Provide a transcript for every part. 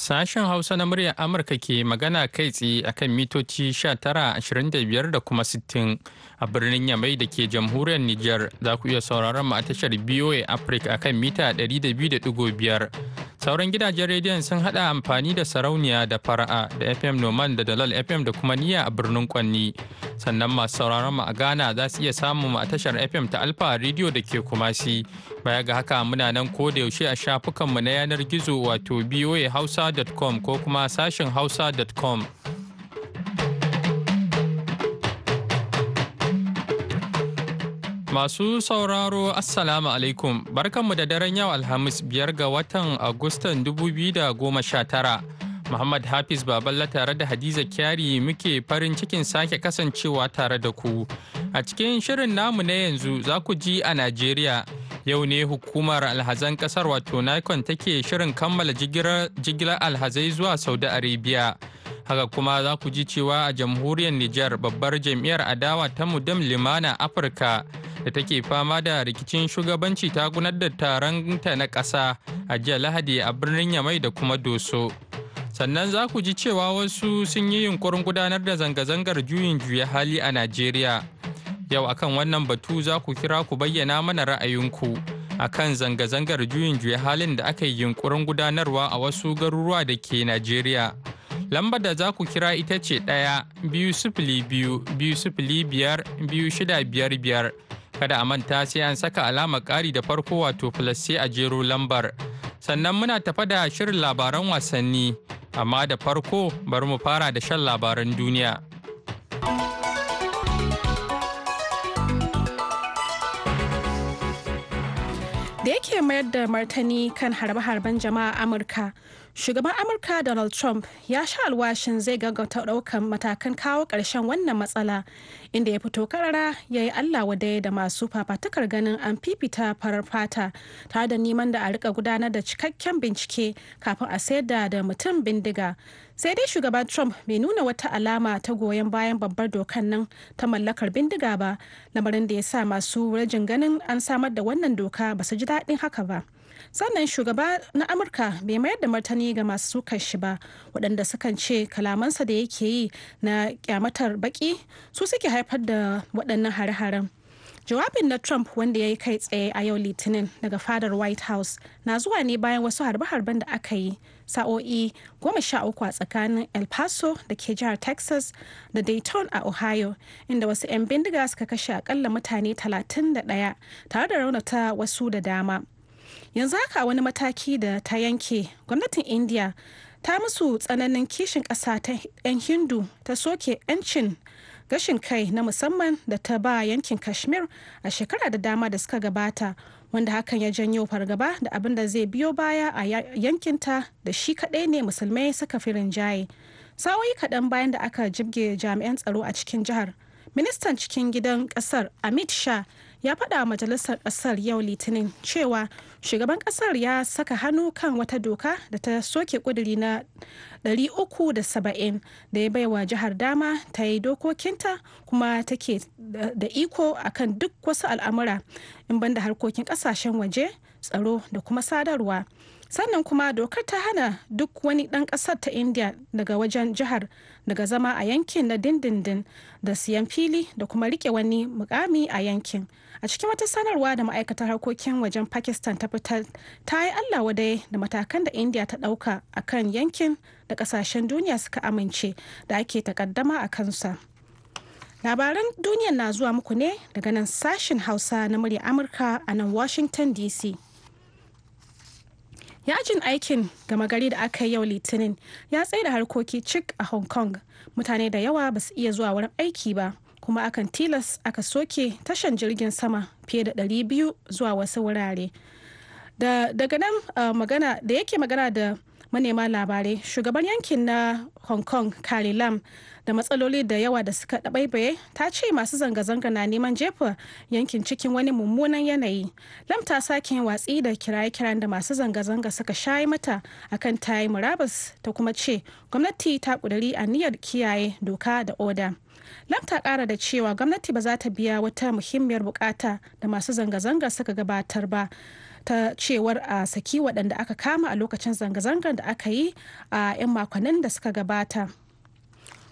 Sashen Hausa na muryar Amurka ke magana kai tsaye akan mitoci 1925 da kuma 60 a birnin Yamai da ke jamhuriyar Nijar za ku iya sauraron mu a tashar BOA Africa akan mita 200.5. Sauran gidajen rediyon sun hada amfani da sarauniya da fara'a da FM Noman da Dalal FM da kuma niyya a birnin Kwanni. Sannan masu sauraron mu a Ghana za su iya samun mu a tashar FM ta Alfa Radio da ke Kumasi. Baya ga haka muna nan ko da yaushe a shafukanmu na yanar gizo wato BOA Hausa hausa.com ko kuma sashen hausa.com. Masu sauraro Assalamu alaikum barkanmu da daren yau Alhamis biyar ga watan Agustan 2019. Muhammad Hafiz Baballa tare da Hadiza Kyari muke farin cikin sake kasancewa tare da ku. A cikin shirin namu na yanzu za ku ji a Najeriya. yau ne hukumar alhazan kasar wato nikon take shirin kammala jigilar alhazai zuwa saudi arabia haka kuma za ku ji cewa a jamhuriyar Nijar babbar jam'iyyar adawa ta mudam limana afirka da take fama da rikicin shugabanci ta gunar da taron ta na ƙasa a jiya lahadi a birnin yamai da kuma doso sannan za ku ji cewa wasu sun yi yunkurin gudanar da zanga-zangar juyin juya hali a najeriya Yau akan wannan batu za ku kira ku bayyana mana ra'ayinku kan zanga-zangar juyin juya halin da aka yi yunkurin gudanarwa a wasu garuruwa da ke Najeriya. Lambar da za ku kira ita ce ɗaya biyu sifili biyu biyu sifili biyar biyu shida biyar biyar. Kada a manta sai an saka alama ƙari da farko wato plus sai a jero lambar. Sannan muna tafa da shirin labaran wasanni, amma da farko bari mu fara da shan labaran duniya. mayar da martani kan harbe-harben jama'a amurka shugaban amurka donald trump ya sha alwashin zai gaggauta daukan matakan kawo ƙarshen wannan matsala inda ya fito karara ya yi allah wadaya da masu fafatakar ganin an fifita farar fata tare da neman da a rika gudanar da cikakken bincike kafin a sayar da mutum bindiga sai dai shugaban trump bai nuna wata alama ta goyon bayan babbar dokan nan ta mallakar bindiga ba lamarin da ya sa masu rajin ganin an samar da wannan doka ba su ji daɗin haka ba. sannan shugaba na amurka bai mayar da martani ga masu sukan shi ba waɗanda sukan ce kalamansa da yake yi na kyamatar baki su suke haifar da waɗannan hare-haren jawabin na trump wanda ya yi kai tsaye a yau litinin daga fadar white house na zuwa ne bayan wasu harbe-harben da aka yi sa'o'i goma sha uku a tsakanin el paso da ke jihar texas da dayton a ohio inda wasu 'yan bindiga suka kashe akalla mutane 31 tare da raunata wasu da dama yanzu haka wani mataki da ta yanke gwamnatin india ta musu tsananin kishin ƙasa ta 'yan hindu ta soke 'yancin gashin kai na musamman da ta ba yankin kashmir a shekara da dama da suka gabata wanda hakan ya janyo fargaba da abin da zai biyo baya a yankinta da shi kaɗai ne musulmai suka fi rinjaye sawoyi kaɗan bayan da aka jibge jami'an tsaro a cikin jihar ministan cikin gidan ƙasar amit shah ya faɗa majalisar ƙasar yau litinin cewa shugaban ƙasar ya saka hannu kan wata doka da ta soke ƙuduri na 370 da ya baiwa jihar dama ta yi dokokinta kuma take da iko akan duk wasu al'amura in banda harkokin ƙasashen waje tsaro da kuma sadarwa sannan kuma dokar ta hana duk wani ɗan ƙasar ta india daga wajen jihar daga zama a yankin na dindindin da siyan fili da kuma rike wani mukami a yankin a cikin wata sanarwa da ma'aikatar harkokin wajen pakistan ta fitar ta yi allah wadai da matakan da india ta ɗauka a kan yankin da ƙasashen duniya suka amince da ake takaddama a kansa labaran duniya na zuwa muku ne daga nan sashen hausa na murya amurka a nan washington dc yajin aikin gama gari da aka yi yau litinin ya tsaye da harkoki cik a hong kong mutane da yawa ba su iya zuwa wurin aiki ba kuma akan tilas aka soke tashan jirgin sama fiye da 200 zuwa wasu wurare daga nan ah, magana da yake magana da manema labarai shugaban yankin na hong kong kari lam da matsaloli da yawa da suka ɗabaibaye ta ce masu zanga-zanga na neman jefa yankin cikin wani mummunan yanayi lam ta sake watsi da kiraye-kiran da masu zanga-zanga suka shayi mata akan tayi murabus ta kuma ce gwamnati ta a niyyar kiyaye doka da oda lam ta kara da cewa gwamnati ba za ta biya wata muhimmiyar bukata da masu zanga-zanga suka gabatar ba ta cewar a saki waɗanda aka kama a lokacin zanga-zangar da aka yi a 'yan makonnin da suka gabata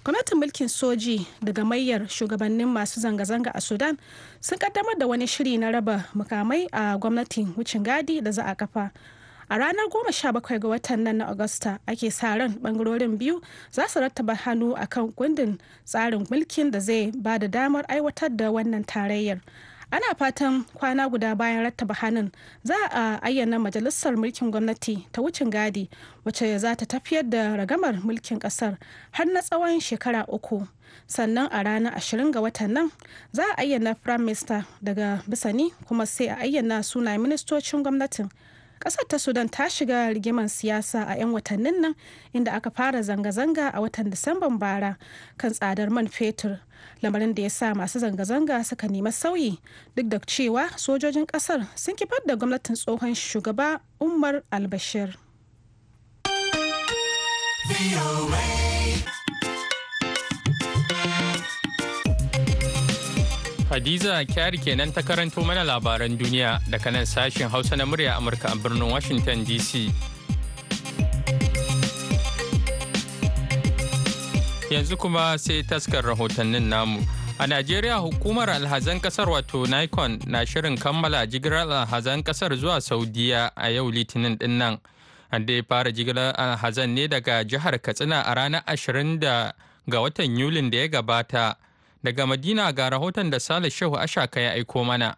gwamnatin mulkin soji daga mayar shugabannin masu zanga-zanga a sudan sun kaddamar da wani shiri na raba mukamai a gwamnatin wucin gadi da za a kafa a ranar 17 ga watan nan na agusta ake sa ran bangarorin biyu za su rattaba hannu akan kundin tsarin mulkin da zai ba da damar aiwatar da wannan tarayyar ana fatan kwana guda bayan rattaba hannun za a ayyana majalisar mulkin gwamnati ta wucin gadi wacce za ta tafiyar da ragamar mulkin kasar har na tsawon shekara uku sannan a ranar ashirin ga watan nan za a ayyana prime minister daga bisani kuma sai a ayyana sunayen ministocin gwamnatin kasar ta sudan ta shiga rigiman siyasa a 'yan watannin nan inda aka fara zanga-zanga a watan disamban bara kan tsadar man fetur lamarin da ya sa masu zanga-zanga suka nemi sauyi duk da cewa sojojin kasar sun kifar da gwamnatin tsohon shugaba umar albashir Hadiza Kyari kenan ta karanto mana labaran duniya daga nan sashen Hausa na murya Amurka a birnin Washington DC. Yanzu kuma sai taskar rahotannin namu. A Najeriya hukumar alhazan kasar wato Nikon na shirin kammala jigilar alhazan kasar zuwa Saudiya a yau litinin din nan. An dai fara jigilar alhazan ne daga jihar Katsina a ranar 20 ga watan Yulin da ya gabata. Daga Madina ga rahoton da Sale Shehu Ashaka ya aiko mana.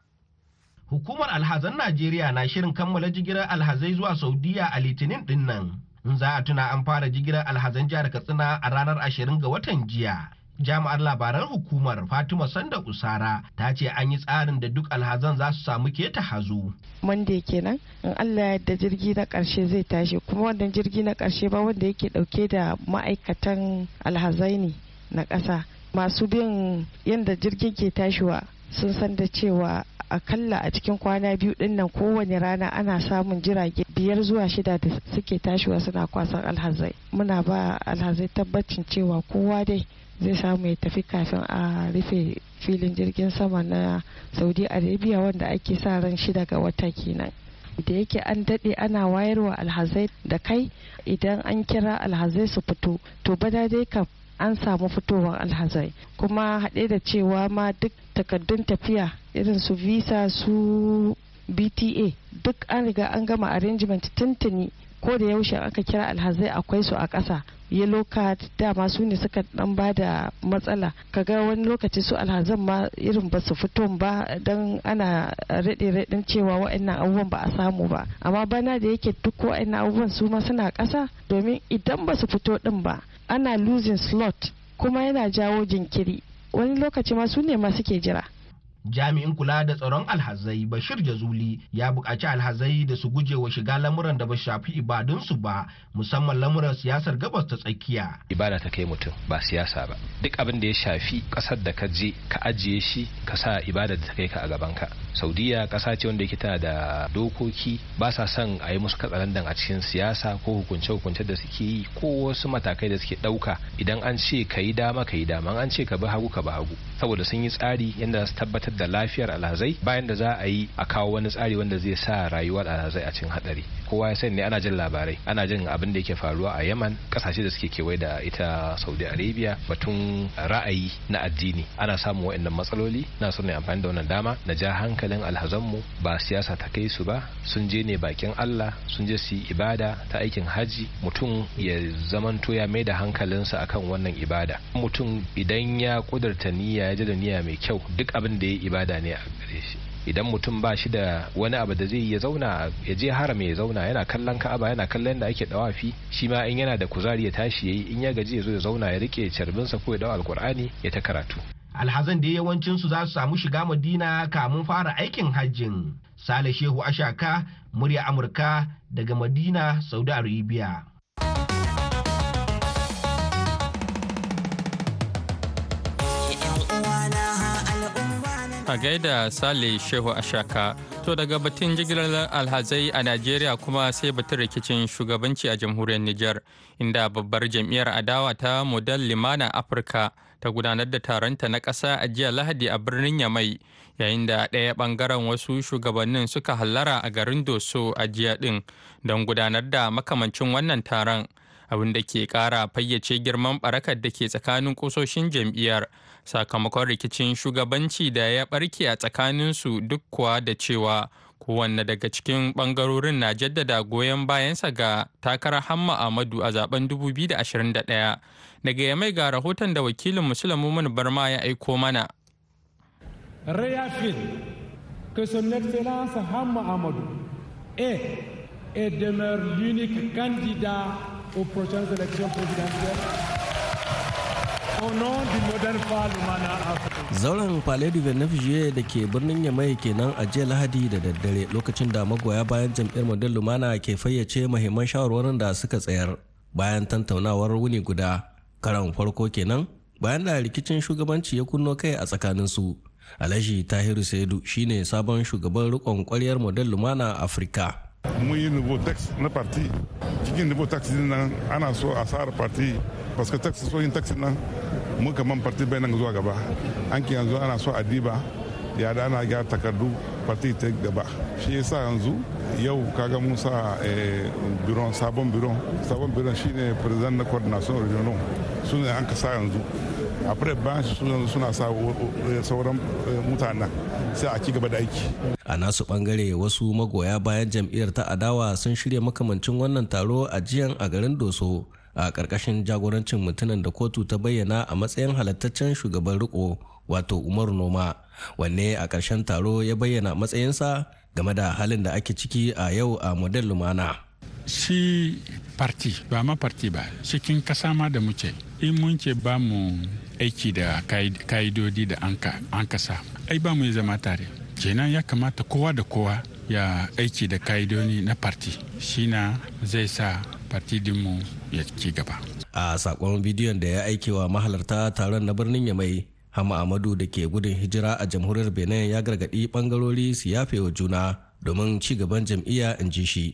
Hukumar alhazan Najeriya na shirin kammala jigilar alhazai zuwa Saudiya a Litinin din nan. In za a tuna an fara jigilar alhazan jihar Katsina a ranar ashirin ga watan jiya. Jami'ar labaran hukumar Fatima Sanda Usara ta ce an yi tsarin da duk alhazan za su samu keta hazo. Monday kenan in Allah yadda jirgi na karshe zai tashi kuma wannan jirgi na karshe ba wanda yake dauke da ma'aikatan alhazai ne na ƙasa. masu bin yadda jirgin ke tashiwa sun san da cewa akalla a cikin kwana biyu din nan kowane rana ana samun jirage biyar zuwa shida da suke tashiwa suna kwasan alhazai muna ba alhazai tabbacin cewa kowa dai zai samu ya tafi kafin a rufe filin jirgin sama na saudi arabia wanda ake sa ran shida ga wata kenan da yake an daɗe ana wayarwa alhazai da kai idan an kira alhazai su fito to bada dai ka an samu fitowar alhazai kuma haɗe da cewa ma duk takardun tafiya irin su visa su bta duk an riga an gama arrangement tuntuni ko da yaushe aka kira alhazai akwai su a ƙasa yellow card dama su ne suka dan ba da matsala kaga wani lokaci su alhazan ma irin ba su fito ba don ana raɗe raɗin cewa wa'annan abubuwan ba a samu ba amma bana da yake duk wa'annan abubuwan su ma suna ƙasa domin idan ba su fito din ba ana losing slot kuma yana jawo jinkiri wani lokaci ma su ne ma suke jira jami'in kula da tsaron alhazai bashir jazuli ya buƙaci alhazai da su guje wa shiga lamuran da ba shafi ibadunsu ba musamman lamuran siyasar gabas ta tsakiya ibada ta kai mutum ba siyasa ba duk abin da ya shafi ƙasar da ka je ka ajiye shi ka sa ibada da ta kai ka a gabanka saudiya kasa ce wanda kita da dokoki ba sa son a yi musu katsalandan a cikin siyasa ko hukunce-hukunce da suke yi ko wasu matakai da suke ɗauka idan an ce ka yi dama ka yi dama an ce ka bi hagu ka bi hagu saboda sun yi tsari yadda su tabbatar da lafiyar alhazai bayan da za a yi a kawo wani tsari wanda zai sa rayuwar alhazai a cikin haɗari kowa ya sani ne ana jin labarai ana jin abin da yake faruwa a yaman kasashe da suke kewaye da ita saudi arabia batun ra'ayi na addini ana samun waɗannan matsaloli na son ne amfani da wannan dama na ja hanka. hankalin alhazanmu ba siyasa ta kai su ba sun je ne bakin Allah sun je su yi ibada ta aikin haji mutum ya zamanto ya mai da hankalinsa akan wannan ibada mutum idan ya kudurta niyya ya ji da niyya mai kyau duk abin da ya ibada ne a gare shi idan mutum ba shi da wani abu da zai ya zauna ya je haram ya zauna yana kallon ka'aba yana kallon da ake dawafi shi ma in yana da kuzari ya tashi yayi in ya gaji ya zo ya zauna ya rike carbinsa ko ya dawo alkur'ani ya ta karatu alhazan da yawancin su za su samu shiga madina kamun fara aikin hajjin sale shehu ashaka murya amurka daga madina saudi arabia A gaida Sale Shehu Ashaka. To daga batun jigilar alhazai a Najeriya kuma sai batun rikicin shugabanci a jamhuriyar Nijar, inda babbar jam'iyyar adawa ta Model Limana Afirka ta gudanar da taronta na ƙasa a jiya Lahadi a birnin Yamai, yayin da ɗaya ɓangaren wasu shugabannin suka hallara a garin Doso a jiya ɗin don gudanar da makamancin wannan taron. abin da ke kara fayyace girman barakar da ke tsakanin kusoshin jam'iyyar sakamakon rikicin shugabanci da ya barke a tsakaninsu duk kuwa da cewa kowanne daga cikin bangarorin na jaddada goyon bayansa ga takarar hamma amadu a zaben 2021 daga yamai ga rahoton da wakilin musulmumin barma ya aiko mana réaffirme que son Hamma et demeure l'unique candidat aux prochaines élections présidentielles. Zauren Palais du Venefje da ke birnin Yamai kenan a jiya Lahadi da daddare lokacin da magoya bayan jam'iyyar Model Lumana ke fayyace mahimman shawarwarin da suka tsayar bayan tantaunawar wuni guda karan farko kenan bayan da rikicin shugabanci ya kunno kai a tsakaninsu. Alhaji Tahiru Saidu shine sabon shugaban riƙon kwaryar Model Lumana Afirka. mun yi nubo tax na parti cikin nubo tax nan ana so a tsara parti parce que so soyin tax nan mun kaman parti bai nan zuwa gaba an ki yanzu ana so a diba ya da ana gyara takardu parti ta gaba shi yasa yanzu yau kaga mun sa eh, biron sabon biron sabon biron shine president na coordination regional su an ka sa yanzu après ban suna sa eh, sauran eh, mutanen sai a ci gaba da aiki a nasu bangare wasu magoya bayan jam'iyyar ta adawa sun shirya makamancin wannan taro a jiyan a garin doso a karkashin jagorancin mutumin da kotu ta bayyana a matsayin halattaccen shugaban riko wato umaru noma wanne a karshen taro ya bayyana matsayinsa game da halin da ake ciki a yau a model lumana si parti ba ma parti ba cikin kasa ma da muke in mun ce ba mu aiki da ka'idodi da an kasa ai ba mu yi zama tare kenan ya kamata kowa da kowa ya aiki da ka'idodi na parti shi na zai sa parti dinmu ya ci gaba a sakon bidiyon da ya aikewa mahalarta taron na birnin yamai hama amadu da ke gudun hijira a jamhuriyar benin ya gargadi bangarori su yafe wa juna domin ci gaban jam'iyya in ji shi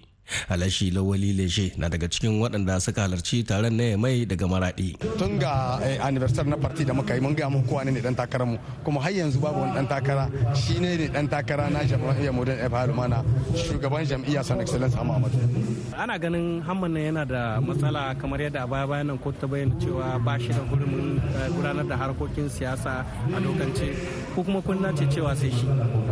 alashi lawali leje na daga cikin waɗanda suka halarci taron na mai daga maraɗi tun ga eh, anniversary na party da muka yi mun ga kowa ne dan takara mu kuma har yanzu babu wani dan takara shi ne ne dan takara na jam'iyyar modern efa mana shugaban jam'iyyar san excellence amadu. ana ganin hamman nan yana da matsala kamar yadda a baya bayan ko ta bayyana cewa ba shi da hurumin eh, gudanar da harkokin siyasa a dokance ko kuma kunna ce cewa sai shi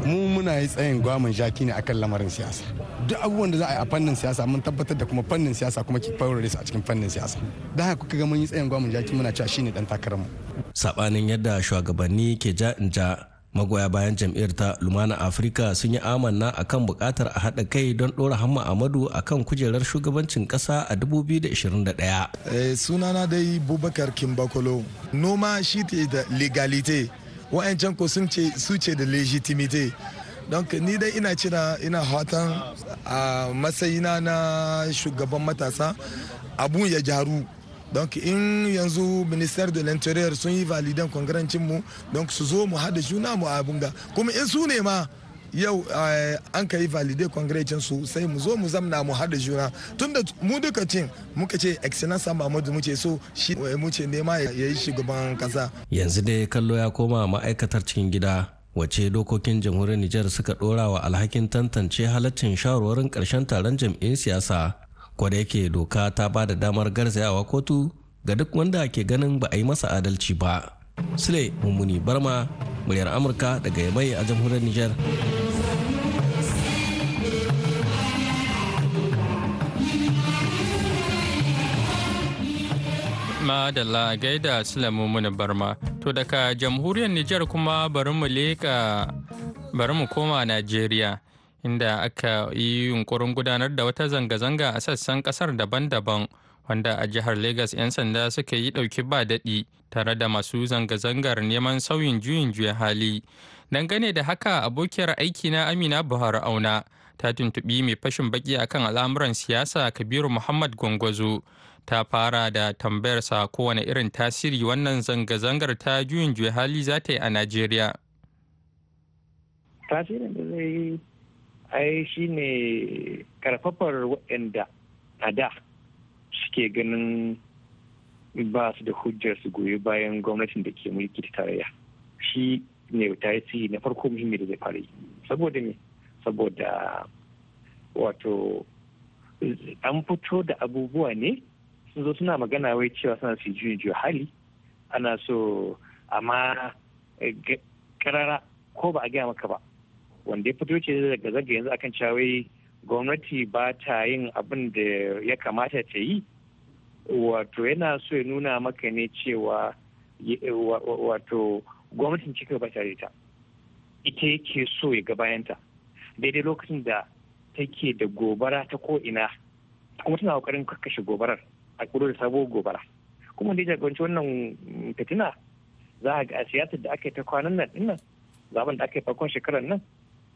mu muna yi tsayin gwamin jaki ne akan lamarin siyasa duk abubuwan da za a yi a fannin siyasa mun tabbatar da kuma fannin siyasa kuma ki faurare su a cikin fannin siyasa da haka kuka ga mun yi tsayin gwamin jaki muna cewa shine dan mu sabanin yadda shugabanni ke ja in ja magoya bayan jam'iyyar ta lumana afirka sun yi amanna akan bukatar a haɗa kai don ɗora hamma amadu akan kujerar shugabancin ƙasa a 2021 eh, sunana dai bubakar kimbakolo noma shi da legalite wa'ancan ko sun ce su ce da legitimite don ni dai ina cira ina hatan a matsayina na shugaban matasa abu ya jaru don in yanzu minister de l'interior sun yi validan mu don su zo mu hada juna mu abunga kuma in su ne ma yau eh, an ka yi valide kongrecin su sai mu zo mu zamna mu hada juna tunda mu duka cin muka ce excellence Muhammadu muke so shi eh, muke nema ya yi shugaban kasa yanzu dai kallo ya koma ma'aikatar cikin gida wace dokokin jamhuriyar Nijar suka dora wa alhakin tantance halaccin shawarwarin karshen taron jam'iyyar siyasa ko da yake doka ta ba da damar garzayawa kotu ga duk wanda ke ganin ba a yi masa adalci ba Sule Mummuni Barma, muryar Amurka daga Yamai a jamhuriyar Nijar. Madalla gaida Sule Mummuni Barma. To daga jamhuriyar Nijar kuma bari mu leka bari mu koma Najeriya. inda aka yi yunkurin gudanar da wata zanga-zanga a sassan kasar daban-daban wanda a jihar Legas 'yan sanda suka yi ɗauki ba daɗi tare da masu zanga-zangar neman sauyin juyin juya hali dangane da haka abokiyar aiki na amina buhari auna ta tuntubi mai fashin baki akan al'amuran siyasa kabiru muhammad gwangwazo ta fara da tambayarsa kowane irin tasiri wannan zanga-zangar ta juyin juya hali za ta yi a najeriya tasirin da zai yi ai shi ne karfafar waɗanda a da suke ganin ba su da hujjar su goyi bayan gwamnatin da ke mulki ta tarayya shi ne tasiri na farko muhimmi da zai fara yi saboda me saboda wato an fito da abubuwa ne sun zo suna magana wai cewa suna su juyin juya hali ana so amma eh, karara ko ba a gaya maka ba wanda ya fito ce daga zaga yanzu akan cewa wai gwamnati ba ta yin abin da ya kamata ta yi wato yana so ya nuna maka ne cewa eh, wato gwamnatin cikin ba tare ta ita yake so ya ga bayanta daidai lokacin da take da gobara ta ko'ina kuma tana kokarin kakkashe gobarar a kudu da sabuwar gobara kuma da ya wannan fitina za a ga siyasar da aka yi ta kwanan nan dinnan zaben da aka yi farkon shekarar nan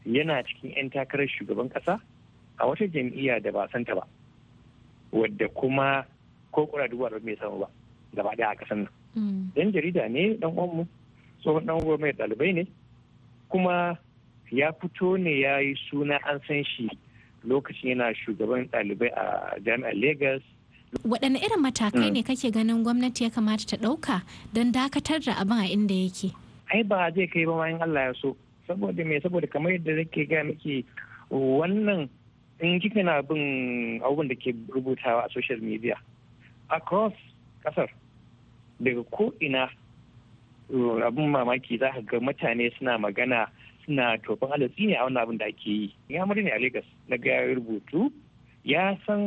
yana cikin 'yan takarar shugaban kasa a wata jam'iyya da ba san ta ba wadda kuma ko kura dubu arba'in bai samu ba gaba ɗaya a ƙasar nan yan mm. jarida ne dan uwanmu tsohon dan uwan mai ɗalibai ne kuma ya fito ne ya yi suna an san shi lokacin yana shugaban ɗalibai a jami'ar legas waɗanne irin matakai mm. ne kake ganin gwamnati ya kamata ta ɗauka don dakatar da abin a inda yake ai ba zai kai ba bayan allah ya so saboda me saboda kamar yadda zake ga miki wannan in kika na bin abubuwan da ke rubutawa a social media across kasar daga ko ina mm, abin mamaki za ka ga mutane suna magana suna tofin halittu ne a wannan abin da ake yi ya mari ne a lagos na ga rubutu ya san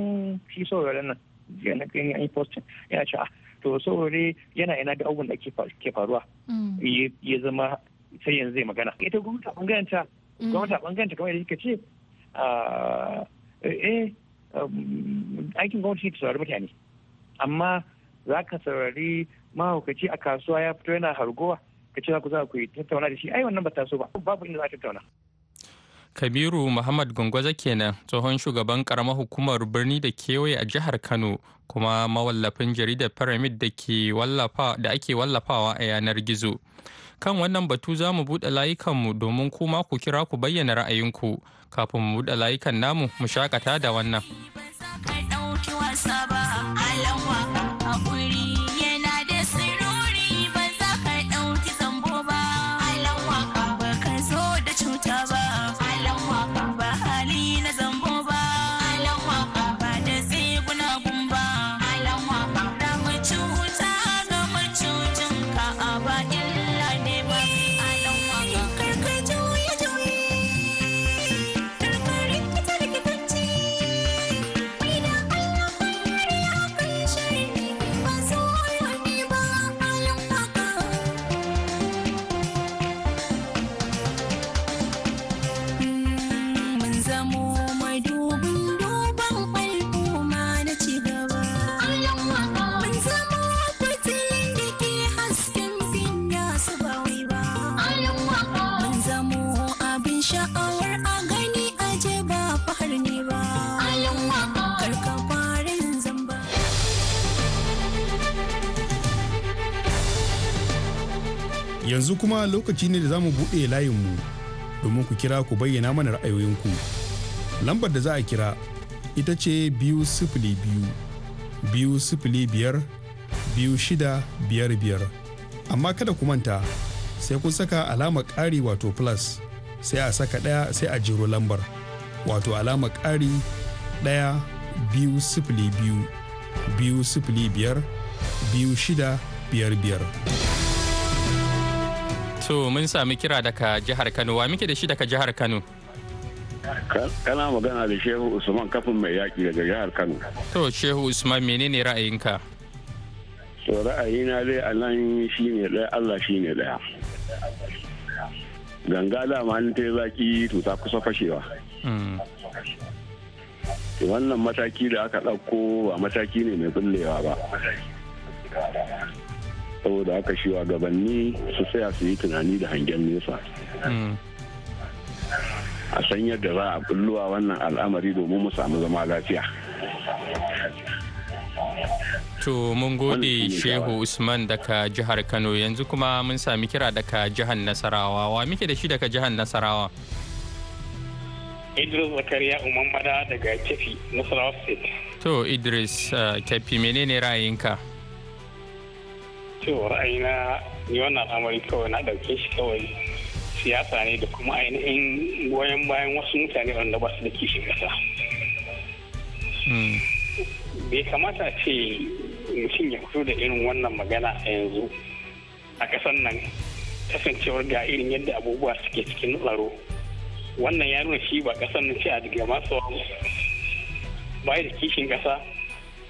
shi sauraron nan ya na gani an postin ya ce cewa ah, to saurare yana yana da abubuwan da ke faruwa mm. ya zama sai yanzu zai magana ita gwamnati a bangaren ta mm. gwamnati a bangaren ta kamar yadda kika ce ah, eh, eh um, aikin gwamnati ta saurari mutane amma za ka saurari mahaukaci a kasuwa ya fito yana hargowa ka ce za ku za ku yi tattauna da shi ai wannan ba ta so ba babu inda za ta tattauna. kabiru muhammad gwangwaza kenan tsohon shugaban karamar hukumar birni da kewaye a jihar kano kuma mawallafin jaridar pyramid da ake wallafawa a yanar gizo kan wannan batu za mu buɗe layukanmu domin kuma ku kira ku bayyana ra'ayinku kafin mu buɗe layukan namu mu shakata da wannan. I love one. yanzu kuma lokaci ne da za mu buɗe layinmu domin ku kira ku bayyana mana ra'ayoyinku lambar da za a kira ita ce biyu sifili biyu biyu sifili biyar biyu shida biyar biyar amma kada ku manta sai kun saka alama ƙari wato plus sai a saka ɗaya sai a jiro lambar wato alama ƙari ɗaya biyu sifili biyu biyu sifili biyar biyu shida biyar biyar. to mun sami kira daga jihar kano wa muke da shi daga jihar kano kana magana da shehu usman kafin mai yaƙi daga jihar kano to shehu usman menene ra'ayinka to ra'ayina dai a nan shi ne ɗaya allah shi ne ɗaya ganga dama in ta zaki to ta kusa fashewa mm. wannan mataki da aka ɗauko ba mataki ne mai bullewa ba saboda aka shi gabanni su saya su yi tunani da hangen nesa hmm. a san yadda za a bulluwa wannan al'amari domin mu samu zama lafiya To mun gode Shehu Usman daga jihar Kano yanzu kuma mun sami kira daga jihar Nasarawa. Wa muke da shi daga jihar Nasarawa? Idris Zakariya Uman Bada daga Kefi, Nasarawa State. To Idris eh, Kefi menene ra'ayinka? cewa ra'ayina ni wannan al'amari kawai na ɗauke shi kawai siyasa ne da kuma ainihin goyon bayan wasu mutane wanda ba su da kishin ƙasa. Hmm. Bai kamata ce mutum ya fito da irin wannan magana a yanzu a ƙasar nan kasancewar ga irin yadda abubuwa suke cikin tsaro. Wannan ya nuna shi ba ƙasar nan ce a daga masu baya da kishin ƙasa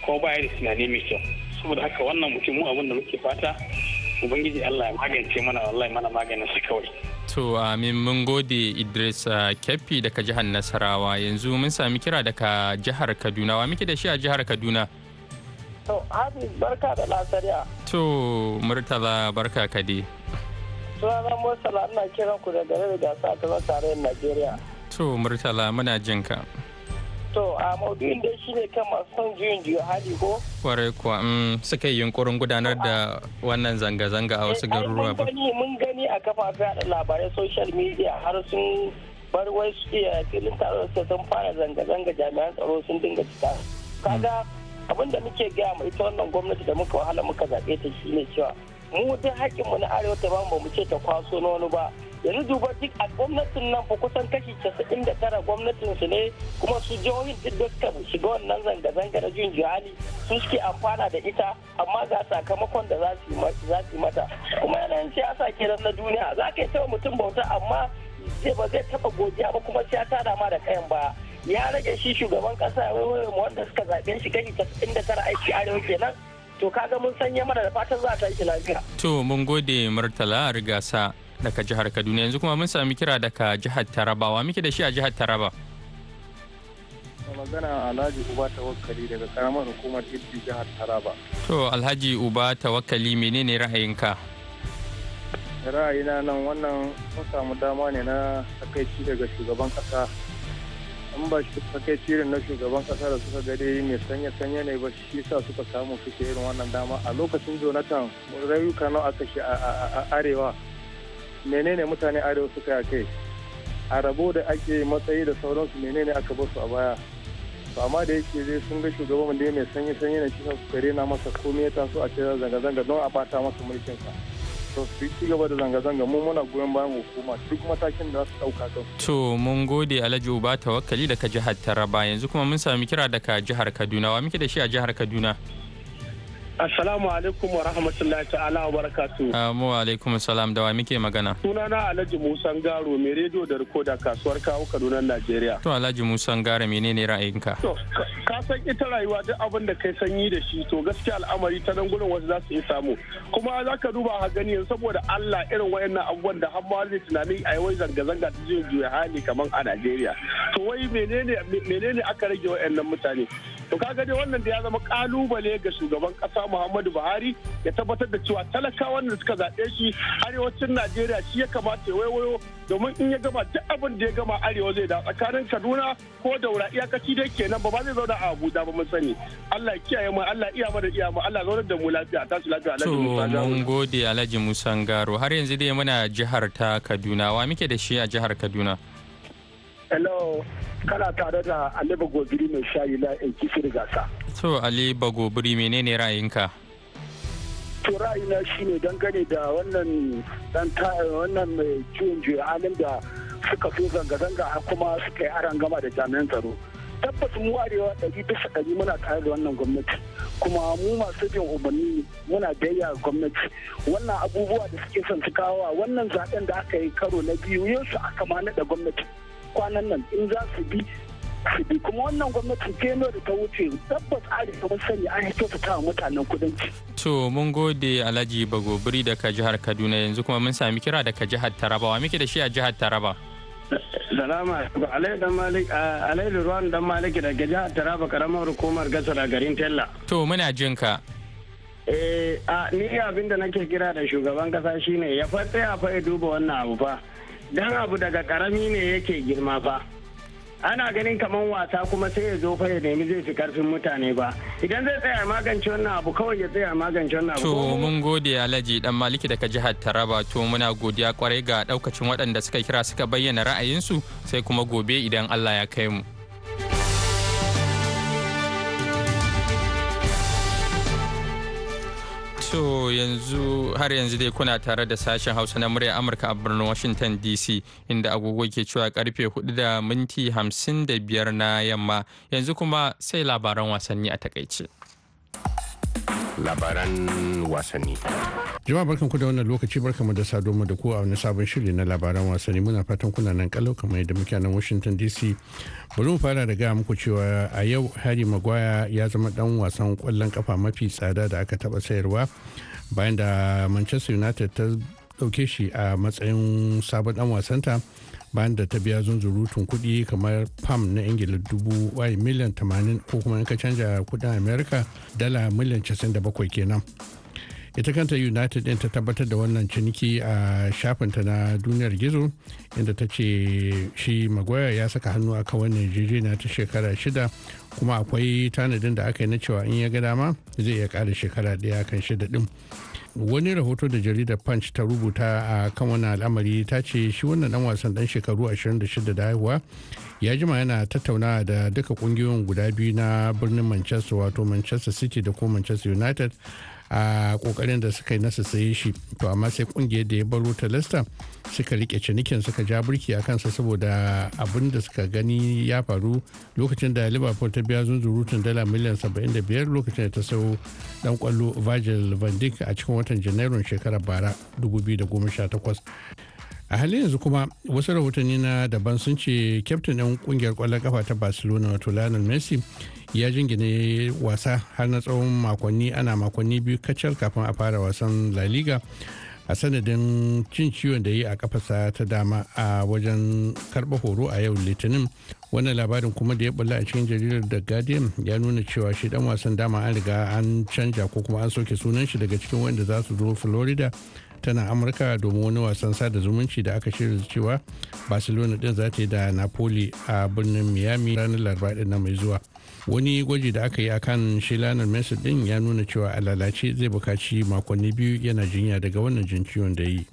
ko baya da tunani mai kyau. saboda haka wannan mutum mu abin da muke fata ubangiji Allah ya magance mana wallahi mana maganin su kawai to amin mun gode Idris uh, Keffi daga jihar Nasarawa yanzu mun sami kira daga jihar Kaduna wa muke da shi a jihar Kaduna to abi barka da lasariya to Murtala barka ka dai sunana Murtala ina kiran ku da gare da gasa ta tarayyar Najeriya to Murtala muna jin ka To a maudu'in dai shi ne kan masu son juyin juya hali ko? Kwarai kuwa mm, yi yunkurin gudanar da wannan zanga-zanga a wasu eh, garuruwa ba. Mun gani a kafafen da labarai social media har sun bar wai su iya filin taron su sun fara zanga-zanga jami'an tsaro sun dinga cika. Kaga abin da muke gaya mai ita wannan gwamnati da muka wahala muka zaɓe ta shi ne cewa mu duk haƙƙinmu na arewa ta ba mu ce ta kwaso na wani ba. yanzu duba duk a gwamnatin nan fa kusan kashi casa'in da tara gwamnatin su ne kuma su jihohin duk da suka shiga wannan zanga-zanga na jin jihali su suke amfana da ita amma ga sakamakon da za su yi mata kuma yanayin siyasa kenan na duniya za ka yi tawa mutum bauta amma sai ba zai taba godiya ba kuma sai ya tada ma da kayan ba ya rage shi shugaban kasa ya wanda suka zaɓe shi kashi casa'in da tara aiki arewa kenan to kaga mun sanya mana da fatan za ta yi lafiya. to mun gode murtala rigasa daga jihar Kaduna yanzu kuma mun sami kira daga jihar Taraba wa muke da shi a jihar Taraba. magana Alhaji Uba Tawakkali daga karamar hukumar Ibbi jihar Taraba. To Alhaji Uba Tawakkali menene ra'ayinka? Ra'ayina nan wannan mun samu dama ne na takaici daga shugaban kasa. An ba shi takaici na shugaban kasa da suka gade mai sanya sanya ne ba shi sa suka samu suke irin wannan dama a lokacin Jonathan rayuka nawa aka shi a arewa. menene mutane arewa suka kai a rabo da ake matsayi da sauransu menene aka basu a baya to amma da yake zai sun ga shugaban da mai sanyi sanyi na cikin su kare na masa komai ya taso a cikin zanga-zanga don a bata masa mulkin sa to su ci gaba da zanga-zanga mu muna goyon bayan hukuma duk matakin da za su dauka kan to mun gode Alhaji Uba tawakkali daga jihar Taraba yanzu kuma mun sami kira daga jihar Kaduna wa muke da shi a jihar Kaduna Assalamu alaikum wa rahmatullahi ta'ala wa barakatu. Amu ah, alaikum salam da wa muke magana. Sunana Alhaji Musa Garo mai rediyo da rikoda kasuwar kawo Kaduna Najeriya. To Alhaji Musa Garo menene ra'ayinka? To ka san ita rayuwa duk abin da kai sanyi da shi to gaskiya al'amari ta nan gurin wasu za su yi samu. Kuma za ka duba ha gani saboda Allah irin wayannan abubuwan da har ma tunanin a wai zanga-zanga ta jiya juya hali kamar a Najeriya. To wai menene menene aka rage wayannan mutane? To kaga dai wannan da ya zama kalubale ga shugaban kasa muhammadu buhari ya tabbatar da cewa talakawan da suka zaɓe shi arewacin najeriya shi ya kamata ya waiwayo domin in ya gama duk abin da ya gama arewa zai da tsakanin kaduna ko daura iyakaci dai kenan ba ba zai zauna a abuja ba mun sani allah kiyaye mu allah iya da iya mu allah zaunar da mu lafiya su lafiya alhaji musa to mun gode alhaji musa garo har yanzu dai muna jihar ta kaduna wa muke da shi a jihar kaduna hello kana tare da alibu gobiri mai shayi na gasa to ali bagobiri menene ra'ayinka to ra'ayina shine dangane da wannan dan wannan mai ciwon juya halin da suka fi zanga-zanga kuma suka yi aran gama da jami'an tsaro tabbas mu arewa ɗari bisa ɗari muna tare da wannan gwamnati kuma mu masu jin umarni muna biyayya gwamnati wannan abubuwa da suke son su kawo wannan zaɓen da aka yi karo na biyu yin su aka ma naɗa gwamnati kwanan nan in za su bi kuma wannan gwamnatin nuna da ta wuce tabbas arewa mun sani an hito ta tawa mutanen kudanci. to mun gode alhaji bagobiri daga jihar kaduna yanzu kuma mun sami kira daga jihar taraba wa muke da shi a jihar taraba. Salama, Alai dan Malik, Alai Ruwan dan Malik daga jihar Taraba karamar hukumar gasar a garin Tella. To muna jin ka. Eh, a ni abin da nake kira da shugaban kasa shine ya fa tsaya fa ya duba wannan abu fa. Dan abu daga karami ne yake girma fa. ana ganin kamar wasa kuma sai ya zo fa ya nemi zai fi karfin mutane ba idan zai tsaya magance wannan abu kawai ya tsaya magance wannan abu to mun gode alhaji dan maliki daga jihar taraba to muna godiya kwarai ga daukacin waɗanda suka kira suka bayyana ra'ayinsu sai kuma gobe idan allah ya kai mu yanzu har yanzu dai kuna tare da sashen hausa na murya amurka a birnin washington dc inda agogo ke cewa karfe 4 da minti 55 na yamma yanzu kuma sai labaran wasanni a takaice. labaran wasanni. Jama'a barkan ku da wannan lokaci barkan mu da sado da ku a wani sabon shiri na labaran wasanni muna fatan kuna nan kalau kamar yadda muke nan Washington DC. Bari mu fara da gaya muku cewa a yau Harry Maguire ya zama dan wasan kwallon kafa mafi tsada da aka taba sayarwa bayan da Manchester United ta dauke shi a matsayin sabon dan wasanta bayan da ta biya zunzurutun kuɗi kamar pam na ingila dubu wai miliyan tamanin ko kuma in ka canja kuɗin america dala miliyan bakwai kenan ita kanta united din ta tabbatar da wannan ciniki a shafinta na duniyar gizo inda ta ce shi magoya ya saka hannu a wannan nigeria ta shekara shida kuma akwai tanadin da aka yi na cewa in ya ga dama zai iya kara shekara ɗaya kan shida ɗin. wani rahoto da jaridar punch ta rubuta a kan wannan al'amari ta ce shi wannan dan wasan dan shekaru 26 da haihuwa ya jima yana tattauna da duka kungiyoyin guda biyu na birnin manchester wato manchester city da ko manchester united a kokarin da suka yi nasa saye shi to amma sai kungiyar da ya baro ta lasta suka rike cinikin suka ja burki a kansa saboda abin da suka gani ya faru lokacin da liverpool ta biya zunzurutun dala miliyan 75 lokacin da ta sau dan kwallo virgil van dijk a cikin watan janairun shekarar bara 2018 a halin yanzu kuma wasu rahotanni na daban sun ce kyaftin ɗin kungiyar kwallon kafa ta barcelona wato lionel messi ya jingine wasa har na tsawon makonni ana makonni biyu kacal kafin a fara wasan la liga a sanadin cin ciwon da yi a kafasa ta dama a wajen karɓa horo a yau litinin wannan labarin kuma da ya bulla a cikin jaridar da guardian ya nuna cewa shi dan wasan dama an riga an canja ko kuma an soke sunan shi daga cikin wanda za su zo florida tana amurka domin wani wasan sada zumunci da aka shirya cewa barcelona din za ta yi da napoli a birnin miami ranar laraba din na mai zuwa wani gwaji da aka yi a kan lanar messi din ya nuna cewa a lalace zai bukaci makonni biyu yana jinya daga wannan jin ciwon da yi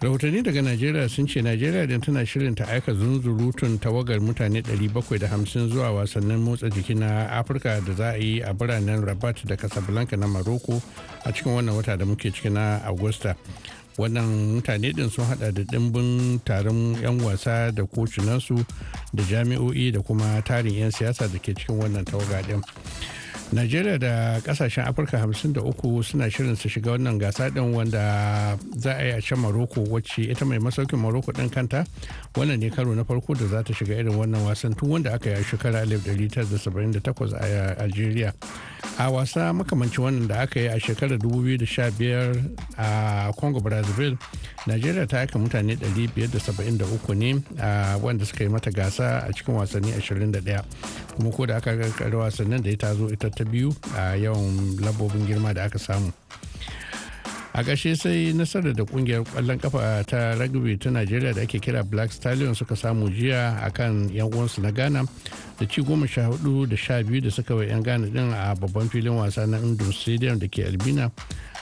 rahotanni daga najeriya sun ce najeriya din tana shirin ta aika zunzurutun tawagar mutane 750 zuwa wasannin motsa jiki na afirka da za a yi a biranen rabat da casablanca na maroko a cikin wannan wata da muke ciki na agusta wannan mutane din sun hada da dimbin taron 'yan wasa da kocinansu da jami'o'i da kuma tarin 'yan siyasa da ke cikin wannan tawaga din Najeriya da kasashen Afirka 53 suna shirin su shiga wannan gasa din wanda za a yi a can Morocco wacce ita mai masaukin Morocco din kanta wannan ne karo na farko da za ta shiga irin wannan wasan tun wanda aka yi a shekara 1978 a Algeria. A wasa makamanci wannan da aka yi a shekarar 2015 a Congo Brazzaville, Najeriya ta aika mutane 573 ne a wanda suka yi mata gasa a cikin wasanni 21 kuma ko da aka karkar wasannin da ya tazo ita ta biyu a yawan lambobin girma da aka samu a ƙarshe sai nasarar da kungiyar ƙwallon kafa ta rugby ta najeriya da ake kira black stallion suka samu jiya a kan yan uwansu na ghana da ci goma sha hudu da sha biyu da suka wa yan ghana din a babban filin wasa na indus stadium da ke albina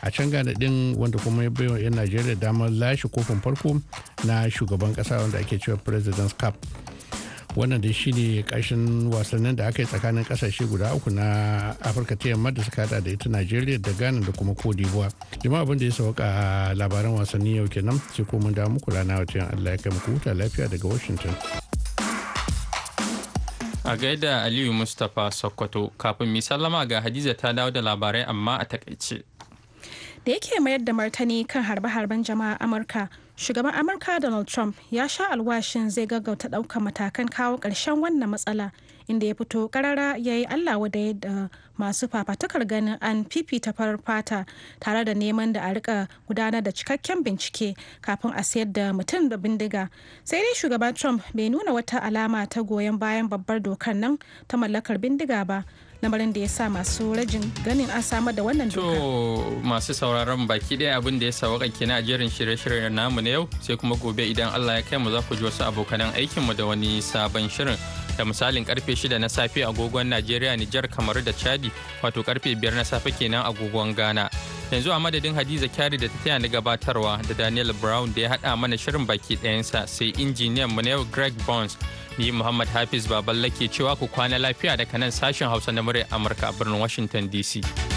a can ghana din wanda kuma ya baiwa yan najeriya damar lashe kofin farko na shugaban ƙasa wanda ake cewa president's cup wannan da shi ne kashin wasannin da aka yi tsakanin kasashe guda uku na afirka ta yamma da suka hada da ita najeriya da ghana da kuma cote d'ivoire jama'a abin da ya sauka labaran wasanni yau kenan sai ko mun dawo muku rana wata allah ya kai muku huta lafiya daga washington a gaida aliyu mustapha sokoto kafin mi sallama ga hadiza ta dawo da labarai amma a takaice da yake mayar da martani kan harbe-harben jama'a amurka shugaban amurka donald trump ya sha alwashin zai gaggauta ɗaukar matakan kawo ƙarshen wannan matsala inda ya fito karara ya yi allah wadai da masu fafatakar ganin an fifita farar fata tare da neman da a rika gudanar da cikakken bincike kafin a sayar da mutum da bindiga sai dai shugaban trump bai nuna wata alama ta goyon bayan babbar dokar nan ta mallakar bindiga ba lamarin da ya sa masu rajin ganin an samar da wannan doka. To masu sauraron baki ɗaya abin da ya waka kina a jerin shirye-shiryen namu na yau sai kuma gobe idan Allah ya kai mu za ku ji wasu abokanan mu da wani sabon shirin. da misalin karfe 6 na safe agogon Najeriya, Nijar, kamar da Chadi, wato karfe 5 na safe kenan agogon Ghana. Yanzu a madadin Hadiza Kyari da ta taya gabatarwa da Daniel Brown da ya haɗa mana shirin baki ɗayansa sai injiniyan mu na yau Greg Bones. ni muhammad hafiz baballe ke cewa ku kwana lafiya daga nan sashen hausa na muryar amurka a birnin washington dc